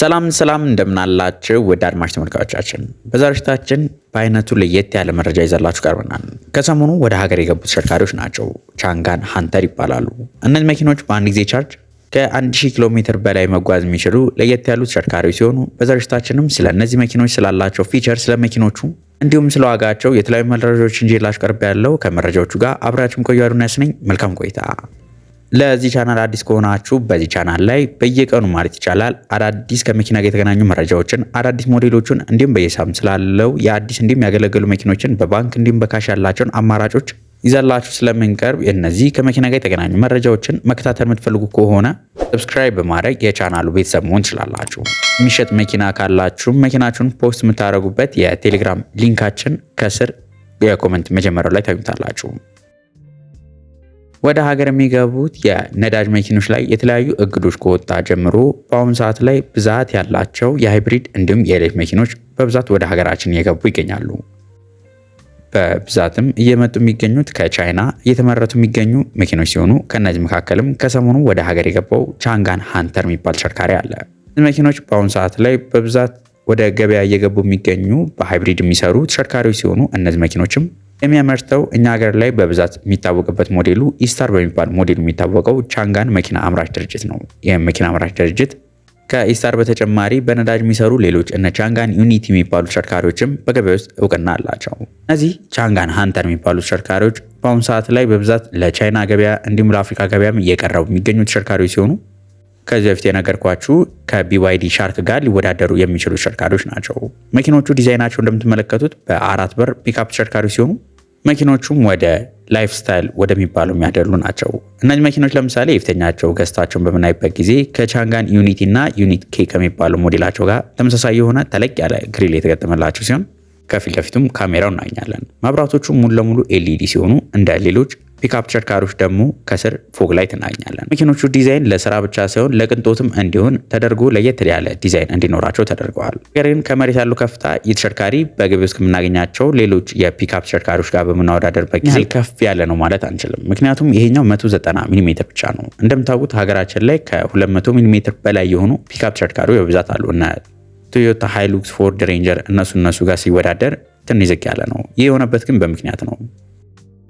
ሰላም ሰላም እንደምናላችሁ ወደ አድማጭ ተመልካቾቻችን፣ በዛሬው ዝግጅታችን በአይነቱ ለየት ያለ መረጃ ይዘላችሁ ቀርበናል። ከሰሞኑ ወደ ሀገር የገቡ ተሽከርካሪዎች ናቸው። ቻንጋን ሀንተር ይባላሉ። እነዚህ መኪኖች በአንድ ጊዜ ቻርጅ ከ1000 ኪሎ ሜትር በላይ መጓዝ የሚችሉ ለየት ያሉ ተሽከርካሪዎች ሲሆኑ በዛሬው ዝግጅታችንም ስለ እነዚህ መኪኖች ስላላቸው ፊቸር፣ ስለ መኪኖቹ እንዲሁም ስለ ዋጋቸው የተለያዩ መረጃዎች እንጂ ላሽ ቀርብ ያለው ከመረጃዎቹ ጋር አብራችሁም ቆዩ። አዱናያስ ነኝ። መልካም ቆይታ ለዚህ ቻናል አዲስ ከሆናችሁ በዚህ ቻናል ላይ በየቀኑ ማለት ይቻላል አዳዲስ ከመኪና ጋር የተገናኙ መረጃዎችን፣ አዳዲስ ሞዴሎችን እንዲሁም በየሳም ስላለው የአዲስ እንዲሁም ያገለገሉ መኪኖችን በባንክ እንዲሁም በካሽ ያላቸውን አማራጮች ይዘላችሁ ስለምንቀርብ እነዚህ ከመኪና ጋር የተገናኙ መረጃዎችን መከታተል የምትፈልጉ ከሆነ ሰብስክራይብ በማድረግ የቻናሉ ቤተሰብ መሆን ትችላላችሁ። የሚሸጥ መኪና ካላችሁ መኪናችሁን ፖስት የምታደርጉበት የቴሌግራም ሊንካችን ከስር የኮመንት መጀመሪያው ላይ ታገኙታላችሁ። ወደ ሀገር የሚገቡት የነዳጅ መኪኖች ላይ የተለያዩ እግዶች ከወጣ ጀምሮ በአሁኑ ሰዓት ላይ ብዛት ያላቸው የሃይብሪድ እንዲሁም የኤሌክ መኪኖች በብዛት ወደ ሀገራችን እየገቡ ይገኛሉ። በብዛትም እየመጡ የሚገኙት ከቻይና እየተመረቱ የሚገኙ መኪኖች ሲሆኑ ከእነዚህ መካከልም ከሰሞኑ ወደ ሀገር የገባው ቻንጋን ሃንተር የሚባል ተሽከርካሪ አለ። መኪኖች በአሁኑ ሰዓት ላይ በብዛት ወደ ገበያ እየገቡ የሚገኙ በሃይብሪድ የሚሰሩ ተሽከርካሪዎች ሲሆኑ እነዚህ መኪኖችም የሚያመርተው እኛ ሀገር ላይ በብዛት የሚታወቅበት ሞዴሉ ኢስታር በሚባል ሞዴሉ የሚታወቀው ቻንጋን መኪና አምራች ድርጅት ነው። ይህም መኪና አምራች ድርጅት ከኢስታር በተጨማሪ በነዳጅ የሚሰሩ ሌሎች እነ ቻንጋን ዩኒቲ የሚባሉ ተሽከርካሪዎችም በገበያ ውስጥ እውቅና አላቸው። እነዚህ ቻንጋን ሃንተር የሚባሉ ተሽከርካሪዎች በአሁኑ ሰዓት ላይ በብዛት ለቻይና ገበያ እንዲሁም ለአፍሪካ ገበያም እየቀረቡ የሚገኙ ተሽከርካሪዎች ሲሆኑ ከዚህ በፊት የነገርኳችሁ ከቢዋይዲ ሻርክ ጋር ሊወዳደሩ የሚችሉ ተሽከርካሪዎች ናቸው። መኪኖቹ ዲዛይናቸው እንደምትመለከቱት በአራት በር ፒክአፕ ተሽከርካሪዎች ሲሆኑ መኪኖቹም ወደ ላይፍ ስታይል ወደሚባሉ የሚያደሉ ናቸው። እነዚህ መኪኖች ለምሳሌ የፊተኛቸው ገጽታቸውን በምናይበት ጊዜ ከቻንጋን ዩኒቲ እና ዩኒት ኬ ከሚባሉ ሞዴላቸው ጋር ተመሳሳይ የሆነ ተለቅ ያለ ግሪል የተገጠመላቸው ሲሆን ከፊት ለፊቱም ካሜራው እናገኛለን። መብራቶቹ ሙሉ ለሙሉ ኤልኢዲ ሲሆኑ እንደ ሌሎች ፒክአፕ ተሽከርካሪዎች ደግሞ ከስር ፎቅ ላይ ትናኛለን። መኪኖቹ ዲዛይን ለስራ ብቻ ሳይሆን ለቅንጦትም እንዲሆን ተደርጎ ለየት ያለ ዲዛይን እንዲኖራቸው ተደርገዋል። ነገር ግን ከመሬት ያሉ ከፍታ የተሽከርካሪ በገበያ ውስጥ ከምናገኛቸው ሌሎች የፒክአፕ ተሽከርካሪዎች ጋር በምናወዳደርበት ጊዜ ከፍ ያለ ነው ማለት አንችልም። ምክንያቱም ይሄኛው 190 ሚሜ ብቻ ነው። እንደምታውቁት ሀገራችን ላይ ከ200 ሚሜ በላይ የሆኑ ፒክአፕ ተሽከርካሪዎች በብዛት አሉ። እና ቶዮታ ሃይሉክስ፣ ፎርድ ሬንጀር እነሱ እነሱ ጋር ሲወዳደር ትንሽ ዝቅ ያለ ነው። ይህ የሆነበት ግን በምክንያት ነው።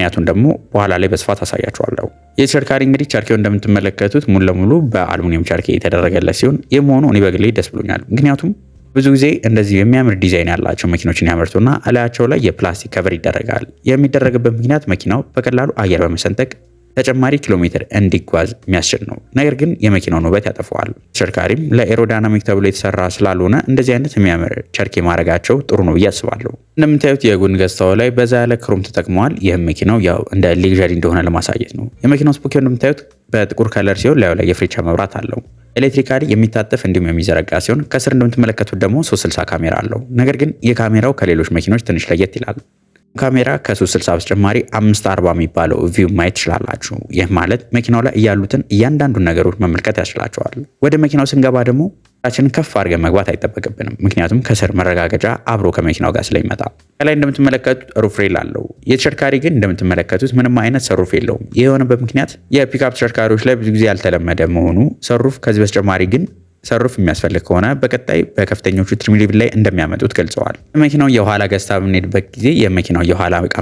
ምክንያቱን ደግሞ በኋላ ላይ በስፋት አሳያችኋለሁ። የተሽከርካሪ እንግዲህ ቻርኬው እንደምትመለከቱት ሙሉ ለሙሉ በአሉሚኒየም ቻርኬ የተደረገለት ሲሆን የመሆኑ እኔ በግሌ ደስ ብሎኛል። ምክንያቱም ብዙ ጊዜ እንደዚህ የሚያምር ዲዛይን ያላቸው መኪኖችን ያመርቱና እላያቸው ላይ የፕላስቲክ ከቨር ይደረጋል። የሚደረግበት ምክንያት መኪናው በቀላሉ አየር በመሰንጠቅ ተጨማሪ ኪሎ ሜትር እንዲጓዝ የሚያስችል ነው። ነገር ግን የመኪናውን ውበት ያጠፈዋል። ተሽከርካሪም ለኤሮዳይናሚክ ተብሎ የተሰራ ስላልሆነ እንደዚህ አይነት የሚያምር ቸርኪ ማድረጋቸው ጥሩ ነው ብዬ አስባለሁ። እንደምታዩት የጎን ገጽታው ላይ በዛ ያለ ክሮም ተጠቅመዋል። ይህም መኪናው ያው እንደ ሌግዣሪ እንደሆነ ለማሳየት ነው። የመኪናው ስፖኪ እንደምታዩት በጥቁር ከለር ሲሆን ላዩ ላይ የፍሬቻ መብራት አለው። ኤሌክትሪካሊ የሚታጠፍ እንዲሁም የሚዘረጋ ሲሆን ከስር እንደምትመለከቱት ደግሞ 360 ካሜራ አለው። ነገር ግን የካሜራው ከሌሎች መኪኖች ትንሽ ለየት ይላል። ካሜራ ከ360 በተጨማሪ 540 የሚባለው ቪው ማየት ትችላላችሁ። ይህ ማለት መኪናው ላይ እያሉትን እያንዳንዱ ነገሮች መመልከት ያስችላቸዋል። ወደ መኪናው ስንገባ ደግሞ ራችን ከፍ አድርገን መግባት አይጠበቅብንም፣ ምክንያቱም ከስር መረጋገጫ አብሮ ከመኪናው ጋር ስለሚመጣ። ከላይ እንደምትመለከቱት ሩፍሬል አለው። የተሽከርካሪ ግን እንደምትመለከቱት ምንም አይነት ሰሩፍ የለውም። ይህ የሆነበት ምክንያት የፒክአፕ ተሽከርካሪዎች ላይ ብዙ ጊዜ ያልተለመደ መሆኑ ሰሩፍ ከዚህ በተጨማሪ ግን ሰሩፍ የሚያስፈልግ ከሆነ በቀጣይ በከፍተኞቹ ትሪም ላይ እንደሚያመጡት ገልጸዋል። መኪናው የኋላ ገዝታ በምንሄድበት ጊዜ የመኪናው የኋላ እቃ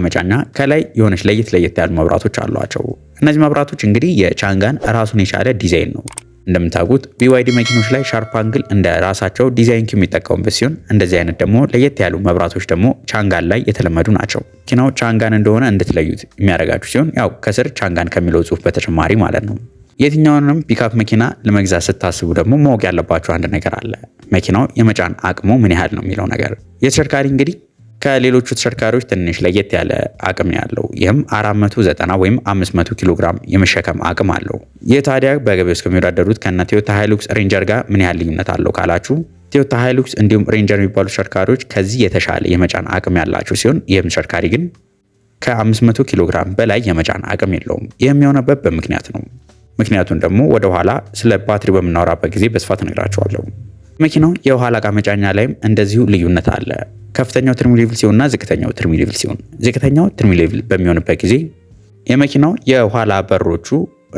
ከላይ የሆነች ለየት ለየት ያሉ መብራቶች አሏቸው። እነዚህ መብራቶች እንግዲህ የቻንጋን ራሱን የቻለ ዲዛይን ነው። እንደምታውቁት ቢዋይዲ መኪኖች ላይ ሻርፕ አንግል እንደ ራሳቸው ዲዛይን የሚጠቀሙበት ሲሆን እንደዚህ አይነት ደግሞ ለየት ያሉ መብራቶች ደግሞ ቻንጋን ላይ የተለመዱ ናቸው። መኪናው ቻንጋን እንደሆነ እንድትለዩት የሚያደርጋችሁ ሲሆን ያው ከስር ቻንጋን ከሚለው ጽሁፍ በተጨማሪ ማለት ነው። የትኛውንም ፒካፕ መኪና ለመግዛት ስታስቡ ደግሞ ማወቅ ያለባቸው አንድ ነገር አለ። መኪናው የመጫን አቅሙ ምን ያህል ነው የሚለው ነገር። የተሽከርካሪ እንግዲህ ከሌሎቹ ተሽከርካሪዎች ትንሽ ለየት ያለ አቅም ያለው ይህም 490 ወይም 500 ኪሎ ግራም የመሸከም አቅም አለው። ይህ ታዲያ በገበያ ውስጥ ከሚወዳደሩት ከነ ቶዮታ ሃይሉክስ ሬንጀር ጋር ምን ያህል ልዩነት አለው ካላችሁ ቶዮታ ሃይሉክስ እንዲሁም ሬንጀር የሚባሉ ተሽከርካሪዎች ከዚህ የተሻለ የመጫን አቅም ያላቸው ሲሆን ይህም ተሽከርካሪ ግን ከ500 ኪሎ ግራም በላይ የመጫን አቅም የለውም። ይህም የሆነበት በምክንያት ነው። ምክንያቱን ደግሞ ኋላ ስለ ባትሪ በምናወራበት ጊዜ በስፋት እነግራችኋለሁ። መኪናው የኋላ እቃ መጫኛ ላይም እንደዚሁ ልዩነት አለ። ከፍተኛው ትሪም ሌቭል ሲሆንና ዝቅተኛው ትሪም ሌቭል ሲሆን፣ ዝቅተኛው ትሪም ሌቭል በሚሆንበት ጊዜ የመኪናው የኋላ በሮቹ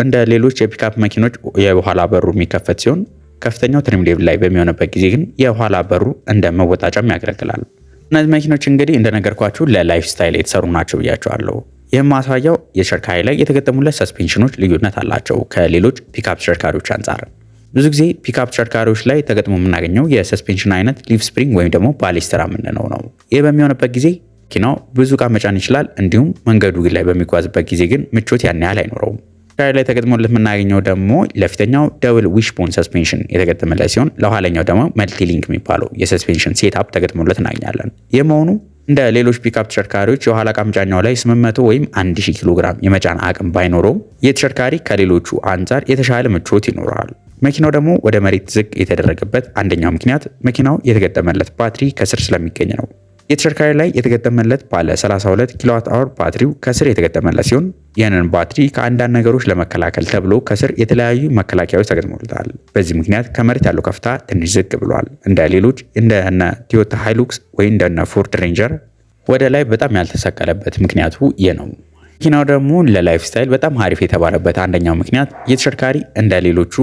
እንደ ሌሎች የፒካፕ መኪኖች የኋላ በሩ የሚከፈት ሲሆን ከፍተኛው ትሪም ሌቭል ላይ በሚሆንበት ጊዜ ግን የኋላ በሩ እንደ መወጣጫም ያገለግላል። እነዚህ መኪኖች እንግዲህ እንደነገርኳችሁ ለላይፍ ስታይል የተሰሩ ናቸው ብያቸዋለሁ። ይህም ማሳያው የተሽከርካሪ ላይ የተገጠሙለት ሰስፔንሽኖች ልዩነት አላቸው ከሌሎች ፒክአፕ ተሽከርካሪዎች አንጻር። ብዙ ጊዜ ፒክአፕ ተሽከርካሪዎች ላይ ተገጥሞ የምናገኘው የሰስፔንሽን አይነት ሊፍ ስፕሪንግ ወይም ደግሞ ባሊስትራ የምንለው ነው። ይህ በሚሆንበት ጊዜ መኪናው ብዙ ዕቃ መጫን ይችላል። እንዲሁም መንገዱ ላይ በሚጓዝበት ጊዜ ግን ምቾት ያን ያህል አይኖረውም። ጋሪ ላይ ተገጥሞለት የምናገኘው ደግሞ ለፊተኛው ደብል ዊሽቦን ሰስፔንሽን የተገጠመለት ሲሆን ለኋለኛው ደግሞ መልቲሊንክ የሚባለው የሰስፔንሽን ሴትፕ ተገጥሞለት እናገኛለን። ይህ መሆኑ እንደ ሌሎች ፒክአፕ ተሽከርካሪዎች የኋላ ዕቃ መጫኛው ላይ 800 ወይም 1000 ኪሎ ግራም የመጫን አቅም ባይኖረውም የተሽከርካሪ ከሌሎቹ አንጻር የተሻለ ምቾት ይኖረዋል። መኪናው ደግሞ ወደ መሬት ዝቅ የተደረገበት አንደኛው ምክንያት መኪናው የተገጠመለት ባትሪ ከስር ስለሚገኝ ነው። የተሽከርካሪ ላይ የተገጠመለት ባለ 32 ኪሎዋት አወር ባትሪው ከስር የተገጠመለት ሲሆን ይህንን ባትሪ ከአንዳንድ ነገሮች ለመከላከል ተብሎ ከስር የተለያዩ መከላከያዎች ተገጥሞለታል። በዚህ ምክንያት ከመሬት ያለው ከፍታ ትንሽ ዝቅ ብሏል። እንደ ሌሎች እንደነ ቲዮታ ሃይሉክስ ወይ እንደነ ፎርድ ሬንጀር ወደ ላይ በጣም ያልተሰቀለበት ምክንያቱ ይህ ነው። መኪናው ደግሞ ለላይፍ ስታይል በጣም አሪፍ የተባለበት አንደኛው ምክንያት የተሽከርካሪ እንደ ሌሎቹ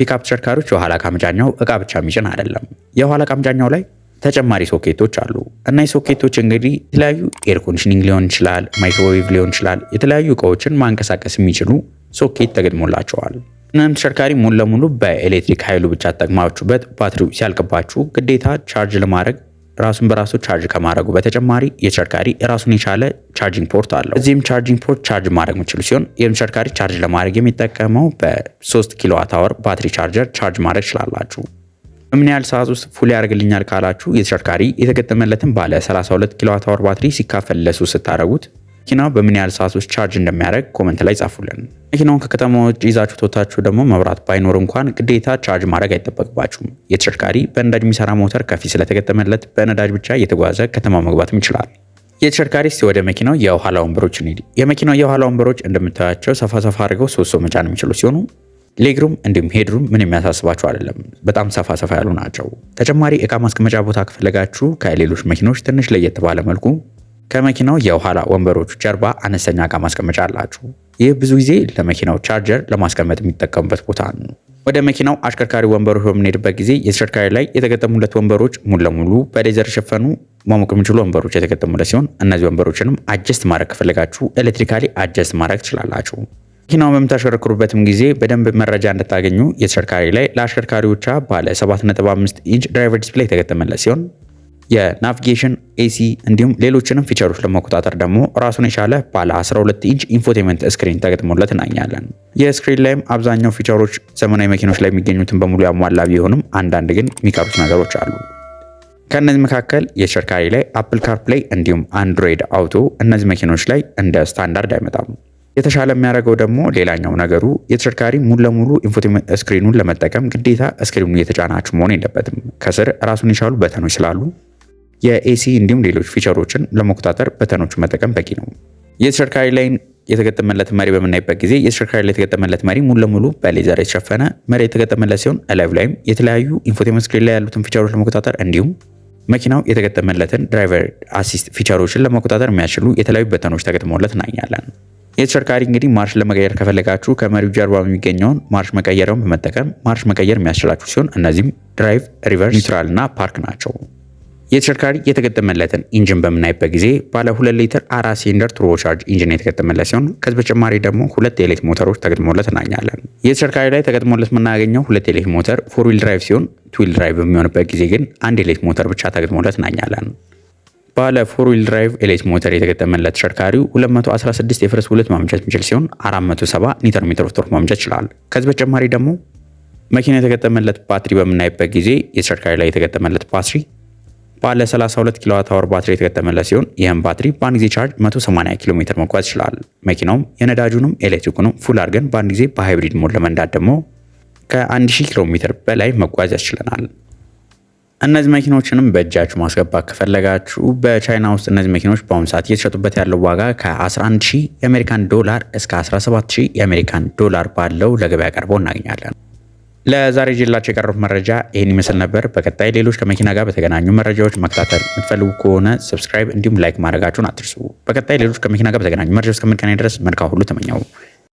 ፒክአፕ ተሽከርካሪዎች የኋላ ካምጃኛው እቃ ብቻ የሚጭን አይደለም። የኋላ ካምጃኛው ላይ ተጨማሪ ሶኬቶች አሉ። እና ሶኬቶች እንግዲህ የተለያዩ ኤር ኮንዲሽኒንግ ሊሆን ይችላል፣ ማይክሮዌቭ ሊሆን ይችላል፣ የተለያዩ እቃዎችን ማንቀሳቀስ የሚችሉ ሶኬት ተገጥሞላቸዋል። እናም ተሽከርካሪ ሙሉ ለሙሉ በኤሌክትሪክ ኃይሉ ብቻ ተጠቅማችሁበት ባትሪው ሲያልቅባችሁ ግዴታ ቻርጅ ለማድረግ ራሱን በራሱ ቻርጅ ከማድረጉ በተጨማሪ የተሽከርካሪ ራሱን የቻለ ቻርጂንግ ፖርት አለው። እዚህም ቻርጂንግ ፖርት ቻርጅ ማድረግ የምችሉ ሲሆን ይህም ተሽከርካሪ ቻርጅ ለማድረግ የሚጠቀመው በ3 ኪሎዋት አወር ባትሪ ቻርጀር ቻርጅ ማድረግ ችላላችሁ በምን ያህል ሰዓት ውስጥ ፉል ያደርግልኛል ካላችሁ የተሽከርካሪ የተገጠመለትን ባለ 32 ኪሎዋት አወር ባትሪ ሲካፈለሱ ስታደረጉት ስታደርጉት መኪናው በምን ያህል ሰዓት ውስጥ ቻርጅ እንደሚያደርግ ኮመንት ላይ ጻፉልን። መኪናውን ከከተማ ውጭ ይዛችሁ ተወታችሁ ደግሞ መብራት ባይኖር እንኳን ግዴታ ቻርጅ ማድረግ አይጠበቅባችሁም። የተሽከርካሪ በነዳጅ የሚሰራ ሞተር ከፊት ስለተገጠመለት በነዳጅ ብቻ እየተጓዘ ከተማ መግባትም ይችላል። የተሽከርካሪ እስቲ ወደ መኪናው የኋላ ወንበሮች እንሂድ። የመኪናው የኋላ ወንበሮች እንደምታያቸው ሰፋ ሰፋ አድርገው ሶስት ሰው መጫን የሚችሉ ሲሆኑ ሌግሩም እንዲሁም ሄድሩም ምን የሚያሳስባቸው አይደለም። በጣም ሰፋ ሰፋ ያሉ ናቸው። ተጨማሪ እቃ ማስቀመጫ ቦታ ከፈለጋችሁ ከሌሎች መኪኖች ትንሽ ለየት ባለ መልኩ ከመኪናው የኋላ ወንበሮቹ ጀርባ አነስተኛ እቃ ማስቀመጫ አላችሁ። ይህ ብዙ ጊዜ ለመኪናው ቻርጀር ለማስቀመጥ የሚጠቀሙበት ቦታ ነው። ወደ መኪናው አሽከርካሪ ወንበሮች በምንሄድበት ጊዜ የተሽከርካሪ ላይ የተገጠሙለት ወንበሮች ሙሉ ለሙሉ በሌዘር የሸፈኑ መሞቅ የሚችሉ ወንበሮች የተገጠሙለት ሲሆን እነዚህ ወንበሮችንም አጀስት ማድረግ ከፈለጋችሁ ኤሌክትሪካሊ አጀስት ማድረግ ትችላላችሁ። መኪናውን በምታሽከረክሩበትም ጊዜ በደንብ መረጃ እንድታገኙ የተሽከርካሪ ላይ ለአሽከርካሪ ብቻ ባለ 7.5 ኢንች ድራይቨር ዲስፕሌይ የተገጠመለት ሲሆን የናቪጌሽን ኤሲ እንዲሁም ሌሎችንም ፊቸሮች ለመቆጣጠር ደግሞ ራሱን የቻለ ባለ 12 ኢንች ኢንፎቴመንት ስክሪን ተገጥሞለት እናኛለን። የስክሪን ላይም አብዛኛው ፊቸሮች ዘመናዊ መኪኖች ላይ የሚገኙትን በሙሉ ያሟላ ቢሆንም አንዳንድ ግን የሚቀሩት ነገሮች አሉ። ከእነዚህ መካከል የተሽከርካሪ ላይ አፕል ካርፕላይ እንዲሁም አንድሮይድ አውቶ እነዚህ መኪኖች ላይ እንደ ስታንዳርድ አይመጣም። የተሻለ የሚያደርገው ደግሞ ሌላኛው ነገሩ የተሽከርካሪ ሙሉ ለሙሉ ኢንፎቴመንት ስክሪኑን ለመጠቀም ግዴታ ስክሪኑ እየተጫናችሁ መሆን የለበትም። ከስር ራሱን የቻሉ በተኖች ስላሉ የኤሲ እንዲሁም ሌሎች ፊቸሮችን ለመቆጣጠር በተኖቹ መጠቀም በቂ ነው። የተሽከርካሪ ላይ የተገጠመለት መሪ በምናይበት ጊዜ የተሽከርካሪ ላይ የተገጠመለት መሪ ሙሉ ለሙሉ በሌዘር የተሸፈነ መሪ የተገጠመለት ሲሆን እላዩ ላይም የተለያዩ ኢንፎቴመንት ስክሪን ላይ ያሉትን ፊቸሮች ለመቆጣጠር እንዲሁም መኪናው የተገጠመለትን ድራይቨር አሲስት ፊቸሮችን ለመቆጣጠር የሚያስችሉ የተለያዩ በተኖች ተገጥመውለት እናያለን። የተሽከርካሪ እንግዲህ ማርሽ ለመቀየር ከፈለጋችሁ ከመሪው ጀርባ የሚገኘውን ማርሽ መቀየሪያውን በመጠቀም ማርሽ መቀየር የሚያስችላችሁ ሲሆን እነዚህም ድራይቭ፣ ሪቨርስ፣ ኒውትራል እና ፓርክ ናቸው። የተሽከርካሪ የተገጠመለትን ኢንጂን በምናይበት ጊዜ ባለ ሁለት ሊትር አራት ሲሊንደር ቱርቦ ቻርጅ ኢንጂን የተገጠመለት ሲሆን ከዚህ በተጨማሪ ደግሞ ሁለት የኤሌክት ሞተሮች ተገጥሞለት እናገኛለን። የተሽከርካሪ ላይ ተገጥሞለት የምናገኘው ሁለት የኤሌክት ሞተር ፎር ዊል ድራይቭ ሲሆን ቱ ዊል ድራይቭ በሚሆንበት ጊዜ ግን አንድ የኤሌክት ሞተር ብቻ ተገጥሞለት እናገኛለን። ባለ ፎር ዊል ድራይቭ ኤሌት ሞተር የተገጠመለት ተሽከርካሪው 216 የፈረስ ጉልበት ማምጫት የሚችል ሲሆን 470 ኒውተን ሜትር ኦፍ ቶርክ ማምጫት ይችላል። ከዚህ በተጨማሪ ደግሞ መኪና የተገጠመለት ባትሪ በምናይበት ጊዜ የተሽከርካሪ ላይ የተገጠመለት ባትሪ ባለ 32 ኪሎዋት አወር ባትሪ የተገጠመለት ሲሆን ይህም ባትሪ በአንድ ጊዜ ቻርጅ 180 ኪሎ ሜትር መጓዝ ይችላል። መኪናውም የነዳጁንም ኤሌክትሪኩንም ፉል አድርገን በአንድ ጊዜ በሃይብሪድ ሞድ ለመንዳት ደግሞ ከ1000 ኪሎ ሜትር በላይ መጓዝ ያስችለናል። እነዚህ መኪኖችንም በእጃችሁ ማስገባት ከፈለጋችሁ በቻይና ውስጥ እነዚህ መኪኖች በአሁኑ ሰዓት እየተሸጡበት ያለው ዋጋ ከ11 ሺህ የአሜሪካን ዶላር እስከ 17 ሺህ የአሜሪካን ዶላር ባለው ለገበያ ቀርቦ እናገኛለን። ለዛሬ ጅላቸው የቀረቡት መረጃ ይህን ይመስል ነበር። በቀጣይ ሌሎች ከመኪና ጋር በተገናኙ መረጃዎች መከታተል የምትፈልጉ ከሆነ ሰብስክራይብ እንዲሁም ላይክ ማድረጋችሁን አትርሱ። በቀጣይ ሌሎች ከመኪና ጋር በተገናኙ መረጃ እስከምንገናኝ ድረስ መልካም ሁሉ ተመኘው።